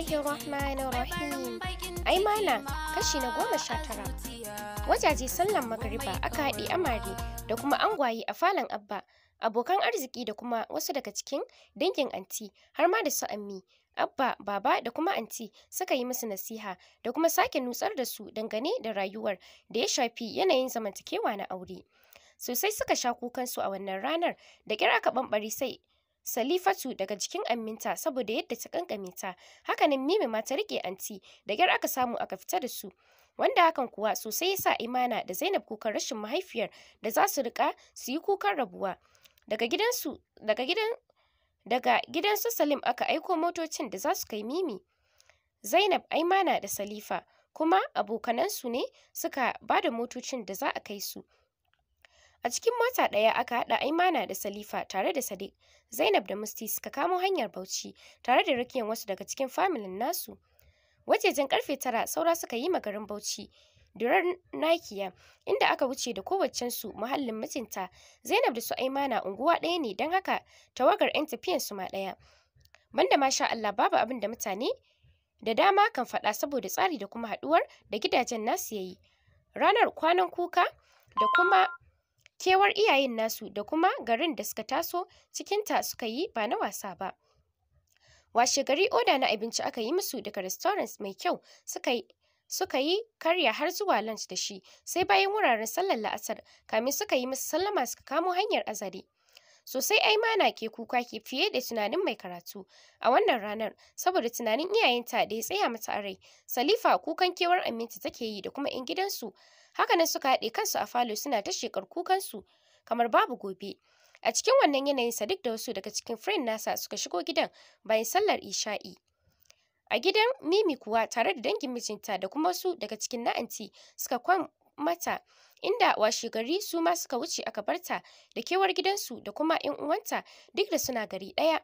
Bismillahirrahmanirrahim. Ai mana kashi na goma sha tara. Wajaje sallan magariba aka haɗe amare da kuma angwaye a falon abba, abokan arziki da kuma wasu daga cikin dangin anti har ma da su ammi. Abba, baba da kuma anti suka yi musu nasiha da kuma sake nutsar da su dangane da rayuwar da ya shafi yanayin zamantakewa na aure. Sosai suka sha kukansu a wannan ranar da kira aka bambari sai Salifatu daga jikin aminta saboda yadda ta kankame ta. Hakanan Mimi ma ta rike anti da gyar aka samu aka fita da su. Wanda hakan kuwa sosai ya sa Imana da Zainab kukan rashin mahaifiyar da za su rika su yi kukan rabuwa. Daga gidansu daga gidan daga gidansu Salim aka aiko motocin da za su kai Mimi. Zainab Aimana da Salifa kuma abokanansu ne suka ba da motocin da za a kai su. A cikin mota ɗaya aka haɗa Aimana da Salifa tare da Sadiq, Zainab da Musti suka kamo hanyar Bauchi tare da rakiyan wasu daga cikin familin nasu. Wajejen karfe tara saura suka yi magarin Bauchi durar Nakiya inda aka wuce da kowaccensu muhallin mutunta Zainab da su Aimana unguwa ɗaya ne don haka tawagar 'yan tafiyan su ma ɗaya. Banda masha Allah babu abin da mutane da dama kan faɗa saboda tsari da kuma haɗuwar da gidajen nasu yi. Ranar kwanan kuka da kuma kewar iyayen nasu da kuma garin da suka taso cikinta suka yi ba na wasa ba. Washe gari oda na abinci aka yi musu daga restaurants mai kyau suka yi karya har zuwa lunch da shi sai bayan wuraren sallar la'asar kamin suka yi musu sallama suka kamo hanyar azare. Sosai Aimana ke kuka ke fiye da tunanin mai karatu a wannan ranar saboda tunanin iyayenta da ya tsaya mata a rai. Salifa kukan kewar Aminta take yi da kuma in gidansu. haka Hakanan suka haɗe kansu a falo suna ta shekar kukansu kamar babu gobe. A cikin wannan yanayin Sadiq da wasu daga cikin friend nasa suka shigo gidan bayan sallar Isha'i. A gidan Mimi kuwa tare da dangin mijinta da kuma wasu daga cikin na'anti suka kwam mata inda washegari su ma suka wuce aka barta da kewar gidansu da kuma 'yan uwanta duk da suna gari ɗaya.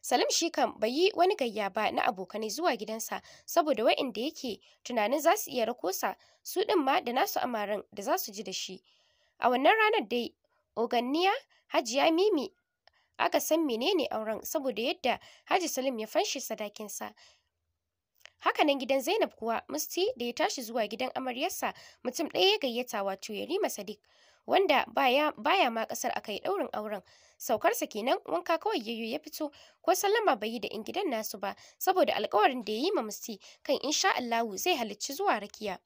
Salim shi kan bai yi wani gayya ba na abokanai zuwa gidansa saboda wa'inda yake tunanin za su iya rakosa su ɗin ma da nasu amaran da za su ji da shi. A wannan ranar dai Oganniya Hajiya Mimi aka san menene auren saboda yadda Haji Salim ya fanshi sadakinsa Hakanan gidan Zainab kuwa Musti da ya tashi zuwa gidan amaryarsa mutum ɗaya ya gayyata wato Yarima Sadiq wanda baya, baya ma ƙasar aka yi ɗaurin auren. Saukarsa kenan wanka kawai yayo ya fito ko sallama bai yi da in gidan nasu ba saboda alkawarin da ya yi ma Musti kan insha Allahu zai halicci zuwa rakiya.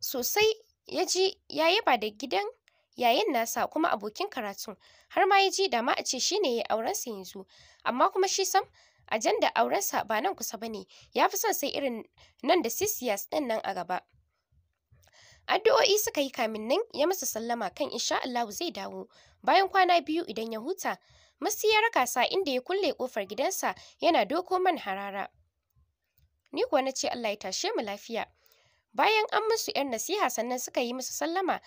Sosai ya ji ya yaba da gidan yayin nasa kuma abokin karatun har ma ya ji dama a ce shine ya auren sa yanzu amma kuma shi sam a jan aurensa ba nan kusa ba ne ya fi son sai irin nan da sisiyas ɗin nan a gaba addu'o'i suka yi kamin nan ya masa sallama kan insha Allahu zai dawo bayan kwana biyu idan ya huta musti ya raka sa inda ya kulle kofar gidansa yana doko man harara ni kuwa na ce Allah ya tashe mu lafiya bayan an musu 'yan nasiha sannan suka yi musu sallama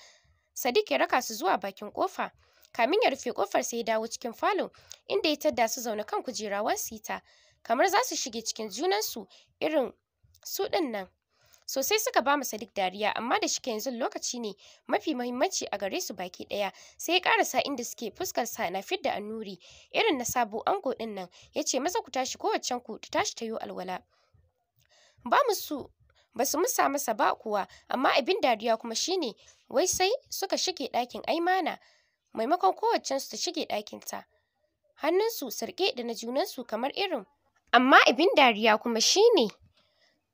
Sadiq ya raka su zuwa bakin kofa kamin ya rufe kofar sai ya dawo cikin falon inda ya tadda su zauna kan kujerawar sita kamar za su shige cikin junansu irin su din nan sosai suka ba masa duk dariya amma da shike yanzu lokaci ne mafi mahimmanci a gare su baki ɗaya sai ya karasa inda suke fuskar sa na fidda annuri irin na sabo ango din nan yace masa ku tashi kowace ku ta tashi tayo alwala ba su ba su musa masa ba kuwa amma abin dariya kuma shine wai sai suka shige ɗakin aimana maimakon kowaccensu ta shige ɗakinta hannunsu sarƙe da na junansu kamar irin amma abin dariya kuma shine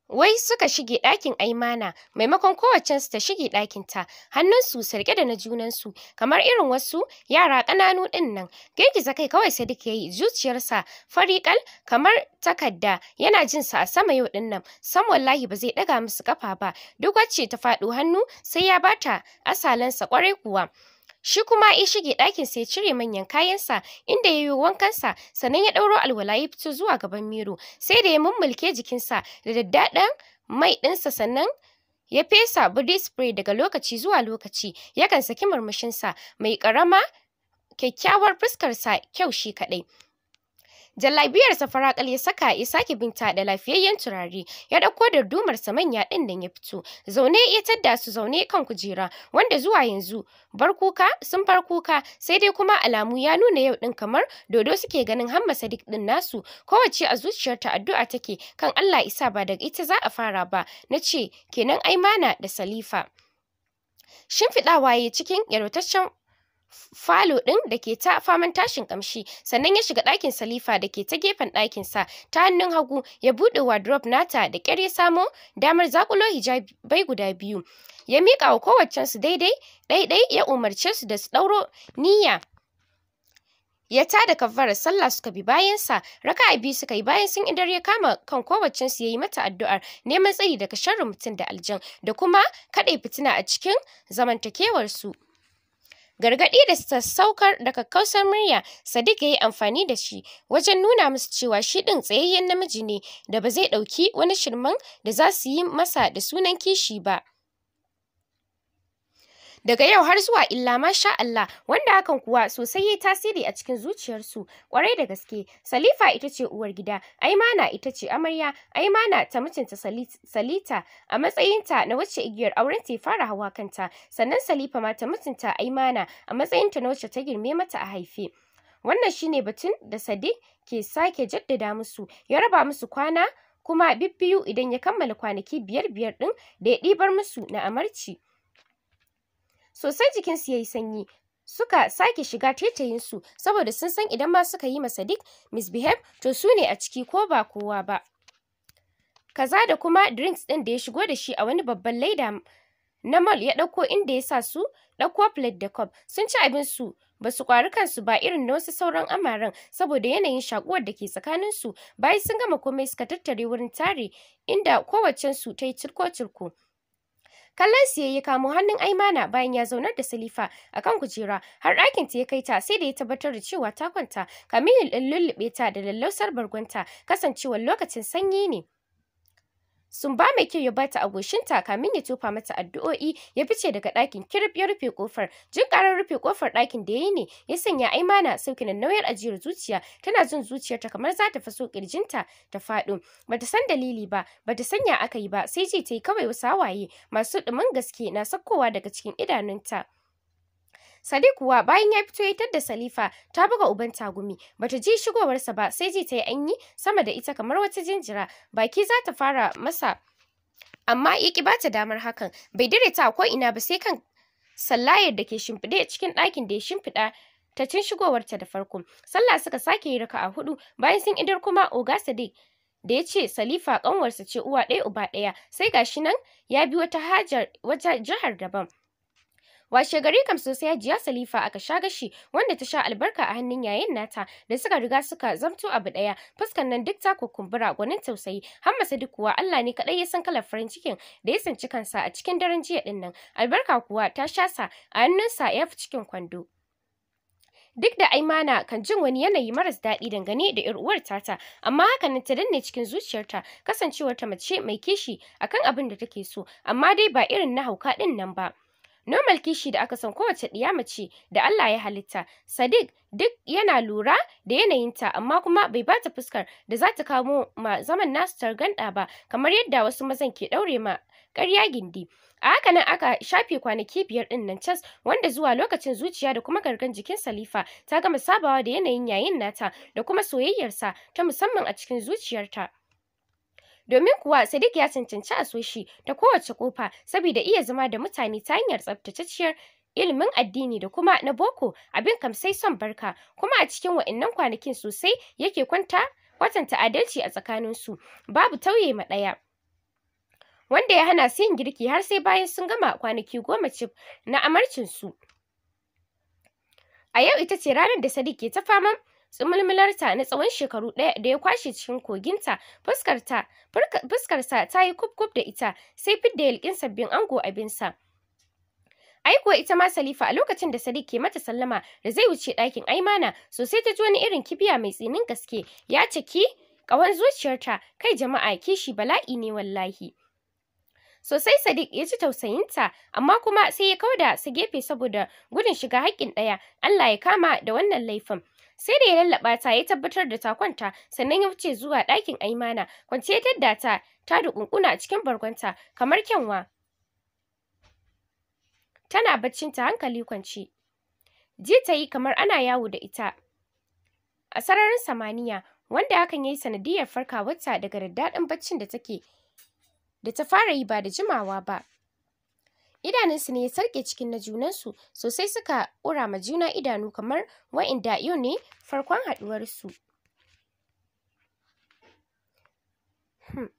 wai suka shige ɗakin aimana maimakon kowaccensu ta shige ɗakinta hannunsu sarƙe da na junansu kamar irin wasu yara ƙananu ɗin nan girgiza kai kawai sai ya yi zuciyarsa fariƙal kamar takarda yana jin sa a sama yau ɗin nan san wallahi ba zai ɗaga musu kafa ba duk wacce ta faɗo hannu sai ya bata asalansa ƙwarai kuwa Shi kuma ya shige ɗakin sai cire manyan kayansa inda ya yi wankansa sannan ya ɗauro alwala ya fito zuwa gaban miro sai da ya mummulke jikinsa da daddaɗan mai ɗinsa sannan ya fesa body spray daga lokaci zuwa lokaci yakan saki murmushinsa mai ƙarama kyakkyawar fuskarsa kyau shi kaɗai Jallabiyar fara ya saka ya sake binta da lafiyayyen turare ya dauko da dumarsa manya din nan ya fito. Zaune ya tadda su zaune kan kujera wanda zuwa yanzu bar kuka sun bar kuka sai dai kuma alamu ya nuna yau ɗin kamar dodo suke ganin hamma sadiq ɗin nasu kowace a zuciyar ta addu'a take kan Allah isa ba daga ita za a fara ba na ce kenan aimana da salifa. Shimfiɗawa ya cikin yarwataccen falo ɗin da ke ta faman tashin kamshi sannan ya shiga ɗakin salifa da ke ta gefen ɗakin sa ta hannun hagu ya buɗe wardrobe nata da ƙyar ya samo damar zakulo hijabai guda biyu ya miƙa wa su daidai ɗaiɗai ya umarce su da su ɗauro niyya ya ta da kaffarar sallah suka bi bayan bayansa raka'a biyu suka yi bayan sun idar ya kama kan kowacce su yayi mata addu'ar neman tsari daga sharrin mutum da aljan da kuma kaɗai fitina a cikin zamantakewar su gargaɗi da sassaukar daga kausar murya sadiq ya yi amfani da shi wajen nuna musu cewa shi ɗin tsayayyen namiji ne da ba zai ɗauki wani shirman da za su yi masa da sunan kishi ba daga yau har zuwa illa masha Allah wanda hakan kuwa sosai yayi tasiri a cikin zuciyarsu kwarai da gaske Salifa ita ce uwar gida Aimana ita ce amarya Aimana ta mutunta Salita a matsayinta na wacce igiyar auren ta fara hawa kanta sannan Salifa ma ta mutunta Aimana a matsayinta na wacce ta girme mata a haife wannan shine batun da Sadiq ke sake jaddada musu ya raba musu kwana kuma bibbiyu idan ya kammala kwanaki biyar biyar din da ya ɗibar musu na amarci. sosai jikinsu ya yi sanyi suka sake shiga taitayinsu saboda sun san idan ma suka yi masa dik misbehave to su ne a ciki ko ba kowa ba kaza da kuma drinks ɗin da ya shigo da shi a wani babban laida na mall ya ɗauko inda ya sa su ɗauko plate da cup sun ci abin su ba su kwari kansu ba irin na wasu sauran amaren saboda yanayin shakuwar da ke tsakaninsu bayan sun gama komai suka tattare wurin tare inda kowaccensu ta yi cirko-cirko kallon siyayya ya kamo hannun aimana bayan ya zaunar da salifa akan kujera har ɗakin ta ya kai ta sai da ya tabbatar da cewa ta kwanta kamilin ɗin lullube ta da lallausar bargonta kasancewar lokacin sanyi ne Sumba mai kyau ya bata a kamin ya tufa mata addu'o'i ya fice daga ɗakin kirif ya rufe kofar. Jin ƙarar rufe kofar ɗakin da yayi ne ya sanya Aimana sauki na nauyar ajiyar zuciya tana jin zuciyarta kamar za ta faso kirjinta ta faɗo. Bata san dalili ba, bata sanya aka yi ba sai ce ta yi kawai wasu hawaye masu ɗumin gaske na sakkowa daga cikin idanunta. Sadiq kuwa bayan ya fito ya da Salifa ta buga uban tagumi bata ji shigowarsa ba sai ji ta yi anyi sama da ita kamar wata jinjira baki za ta fara masa amma ya ki bata damar hakan bai dire ta ko ina ba sai kan sallayar da ke shimfiɗe cikin ɗakin da ya shimfiɗa ta cin shigowarta da farko sallah suka sake yi a hudu bayan sun idar kuma oga sadiq da ya ce salifa ƙanwarsa ce uwa ɗaya uba ɗaya sai gashi nan ya bi wata hajar wata jihar daban washe gari kam sosai hajiya salifa aka sha gashi wanda ta sha albarka a hannun yayin nata da suka riga suka zamto abu daya fuskan nan duk ta kukumbura gwanin tausayi hammasa duk kuwa Allah ne kadai ya san kalar farin cikin da ya sanci kansa a cikin daren jiya din nan albarka kuwa ta sha sa a hannunsa ya fi cikin kwando duk da aimana kan jin wani yanayi maras daɗi dangane da yar uwar tata amma hakanan ta danne cikin zuciyarta kasancewar ta mace mai kishi akan abin da take so amma dai ba irin na hauka din nan ba normal kishi da aka san kowace ɗiya mace da Allah ya halitta Sadiq duk yana lura da yanayinta amma kuma bai bata fuskar da za ta kamo ma zaman nasu targanda ba kamar yadda wasu mazan ke ɗaure ma ƙarya gindi a haka nan aka shafe kwanaki biyar ɗin nan cas wanda zuwa lokacin zuciya da kuma gargan jikin salifa ta gama sabawa da yanayin yayin nata da kuma soyayyarsa ta musamman a cikin zuciyarta domin kuwa Sadiq ya cancanci a so shi ta kowace kofa saboda iya zama da mutane ta hanyar tsaftatacciyar ilimin addini da kuma na boko abin kam sai son barka kuma a cikin wa'annan kwanakin sosai yake kwanta kwatanta adalci a tsakanin su babu tauye ma ɗaya wanda ya hana su yin girki har sai bayan sun gama kwanaki goma cif na amarcinsu a yau ita ce ranar da Sadiq ke ta faman tsumulmularta na tsawon shekaru ɗaya da ya kwashe cikin koginta fuskarta fuskarsa ta yi kubkub da ita sai fidda yalƙin sabbin ango abinsa ai kuwa ita ma Salifa a lokacin da Sadiq ke mata sallama da zai wuce ɗakin Aimana sosai ta ji wani irin kibiya mai tsinin gaske ya ciki ƙawan zuciyarta kai jama'a kishi bala'i ne wallahi sosai Sadiq ya ji tausayinta amma kuma sai ya kauda su gefe saboda gudun shiga haƙƙin ɗaya Allah ya kama da wannan laifin sai da ya lallaɓata ta ya tabbatar da ta kwanta sannan ya wuce zuwa ɗakin aimana kwanciyar tadda ta ta dukunkuna a cikin bargonta kamar kyanwa tana baccin ta hankali kwance ji ta yi kamar ana yawo da ita a sararin samaniya wanda hakan ya yi sanadiyar farkawarta daga daddaɗin baccin da take da ta fara yi ba da jimawa ba idanunsu ne ya sarke cikin na junansu sosai suka ƙura ma juna idanu kamar wa'inda yau ne farkon haɗuwarsu hmm.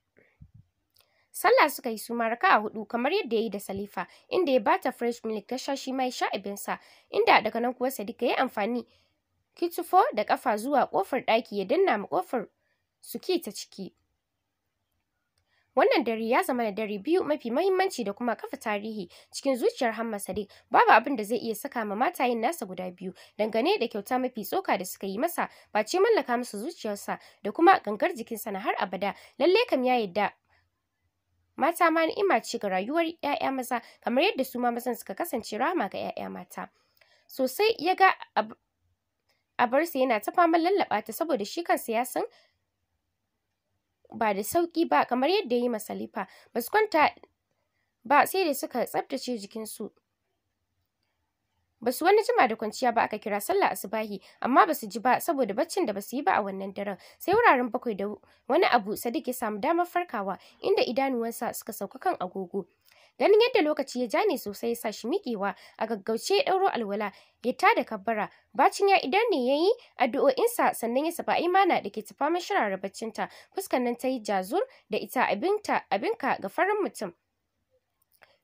Sallah suka yi suma raka a hudu kamar yadda ya yi da Salifa, inda ya bata fresh milk ta sha shi ma ya sha abinsa, inda daga nan kuwa Sadiqa ya amfani kitufo da kafa zuwa kofar ɗaki ya danna ma kofar suke ta ciki. Wannan dare ya zama da dare biyu mafi mahimmanci da kuma kafa tarihi cikin zuciyar Hamma Sadiq. Babu abin da zai iya saka ma yin nasa guda biyu dangane da kyauta mafi tsoka da suka yi masa ba ce mallaka masa zuciyarsa da kuma gangar jikinsa na har abada. Lalle kam ya yadda mata ma ni'ima ce ga rayuwar 'ya'ya maza kamar yadda su ma mazan suka kasance rahama ga 'ya'ya mata. Sosai ya ga abarsa yana ta faman lallaba ta saboda shi kansa ya san ba da sauƙi ba kamar yadda ya yi ma ba su kwanta ba sai da suka tsaftace jikinsu ba su wani jima da kwanciya ba aka kira sallah asubahi amma ba su ji ba saboda baccin da ba su yi ba a wannan daren sai wuraren bakwai da wani abu sadiq ya samu damar farkawa inda idanuwansa suka sauka kan agogo ganin yadda lokaci ya jane sosai ya sa shi miƙewa a gaggauce ɗauro alwala ya da kabbara bacin ya idan ne ya yayi addu'o'insa sannan ya saba imana da ke tafa mashirara baccinta fuskan nan ta yi jazur da ita abinta abinka ga farin mutum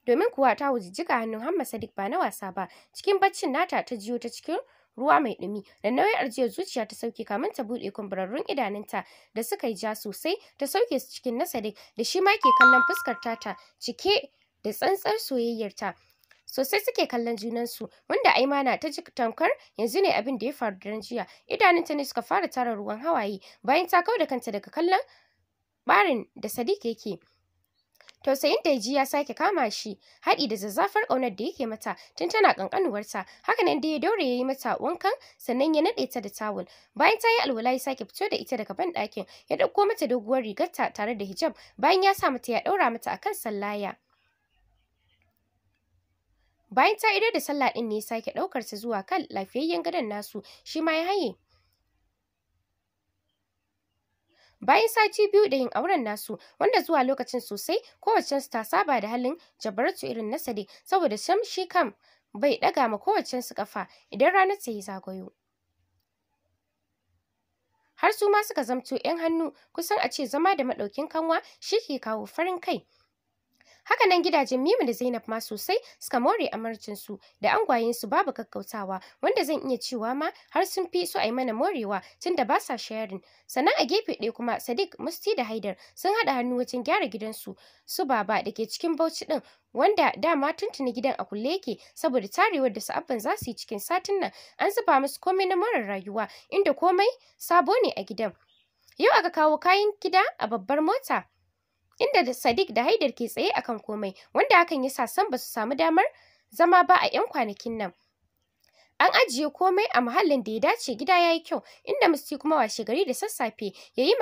domin kuwa ta wujijjiga hannun Hamma Sadiq ba na wasa ba cikin baccin nata ta jiyo ta cikin ruwa mai dumi da nauyin arjiyar zuciya ta sauke kamin ta buɗe kumburarrun idanunta da suka yi ja sosai ta sauke su cikin na Sadiq da shi ma ke kallon fuskar tata cike da tsantsar soyayyarta sosai suke kallon junansu wanda aimana ta ji tamkar yanzu ne abin da ya faru daren jiya idanunta ne suka fara tara ruwan hawaye bayan ta kau da kanta daga kallon barin da sadiq yake tausayin da ya sake kama shi haɗi da zazzafar ƙaunar da yake mata tun tana ƙanƙanuwarta haka nan dai ya daure ya yi mata wankan sannan ya naɗe ta da tawul bayan ta yi alwala ya sake fito da ita daga banɗakin ya ɗauko mata doguwar rigarta tare da hijab bayan ya sa mata ya ɗaura mata akan sallaya bayan ta idar da sallah din ne ya sake daukar sa zuwa kan lafiyayyen gadon nasu shi ma ya haye bayan sati biyu da yin auren nasu wanda zuwa lokacin sosai kowace su ta saba da halin jabaratu irin na sade saboda sam shi kam bai daga ma kowace kowacensu kafa idan rana ta yi zagayo har su ma suka zamto 'yan hannu kusan a ce zama da maɗaukin kanwa shi ke kawo farin kai haka nan gidajen mimi da Zainab ma sosai suka more amarcin su da angwayensu babu kakkautawa wanda zan iya cewa ma har sun fi su ai mana morewa tunda ba sa sharing sannan a gefe ɗaya kuma Sadiq Musti da Haidar sun haɗa hannu wajen gyara gidansu su baba da ke cikin Bauchi ɗin wanda dama tuntuni gidan a kulle yake saboda tarewar da sa'abban za su yi cikin satin nan an zuba musu komai na marar rayuwa inda komai sabo ne a gidan yau aka kawo kayan gida a babbar mota inda Sadiq da Haidar ke tsaye akan komai wanda hakan ya sa san basu samu damar zama ba a 'yan kwanakin nan. An ajiye komai a muhallin da ya dace gida ya yi kyau, inda Musti kuma washe gari da sassafe ya yi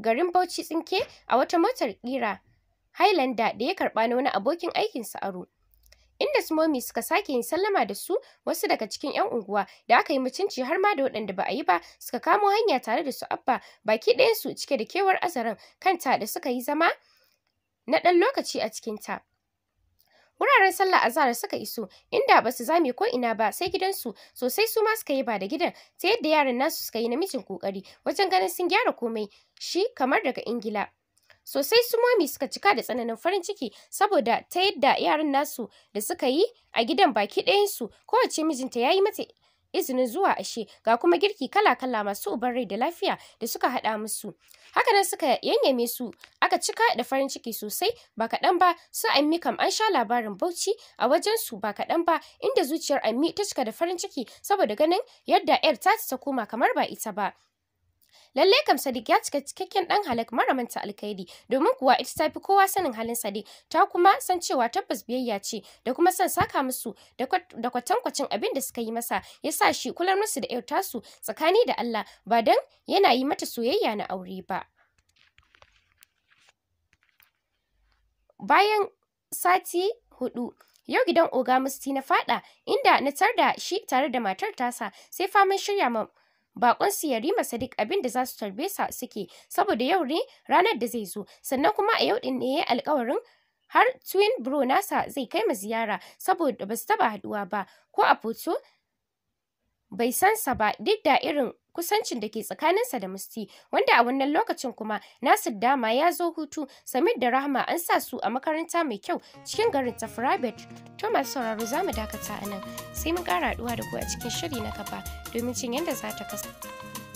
garin Bauchi tsinke a wata motar ƙira Highlander da ya karɓa na wani abokin aikinsa aro. inda su suka sake yin sallama da su wasu daga cikin 'yan unguwa da aka yi mutunci har ma da waɗanda ba a yi ba suka kamo hanya tare da su abba baki ɗayansu cike da kewar azaran kanta da suka yi zama na ɗan lokaci a cikinta. Wuraren sallah azhar suka iso inda ba su zame ko ina ba sai gidansu sosai su ma suka yi ba da gidan ta yadda yaran nasu suka yi namijin kokari wajen ganin sun gyara komai shi kamar daga Ingila. Sosai su mami suka cika da tsananin farin ciki saboda ta yadda yaran nasu da suka yi a gidan baki ɗayansu kowace mijinta ya yi mata izinin zuwa ashe ga kuma girki kala-kala masu uban rai da lafiya da suka haɗa musu hakanan suka yanyame su aka cika da farin ciki sosai ba kaɗan ba su ammi kam an sha labarin bauchi a wajen su ba kaɗan ba inda zuciyar ammi ta cika da farin ciki saboda ganin yadda 'yar ta ta koma kamar ba ita ba lallai kam Sadiq ya cika cikakken dan halak mara manta alkhairi domin kuwa ita ta fi kowa sanin halin Sadiq ta kuma san cewa tabbas biyayya ce da kuma san saka musu da kwatankwacin abin da suka yi masa ya sa shi kular musu da yau tasu tsakani da Allah ba dan yana yi mata soyayya na aure ba. Bayan sati hudu Yau gidan Oga Musti na fada inda na tar da shi tare da matar tasa sai faman shirya ma bakon su Yarima Sadiq abin da za su tarbe sa suke saboda yau ne ranar da zai zo sannan kuma a yau din ne yayi alƙawarin har twin bro nasa zai kai ma ziyara saboda ba su taba haduwa ba ko a foto bai san sa ba duk da irin kusancin da ke tsakaninsa da musti wanda a wannan lokacin kuma nasir dama ya zo hutu samir da rahma an sa su a makaranta mai kyau cikin garin ta firabet to masu sauraro za mu dakata a nan sai mun kara haduwa da ku a cikin shiri na gaba domin cin yadda za ta kasance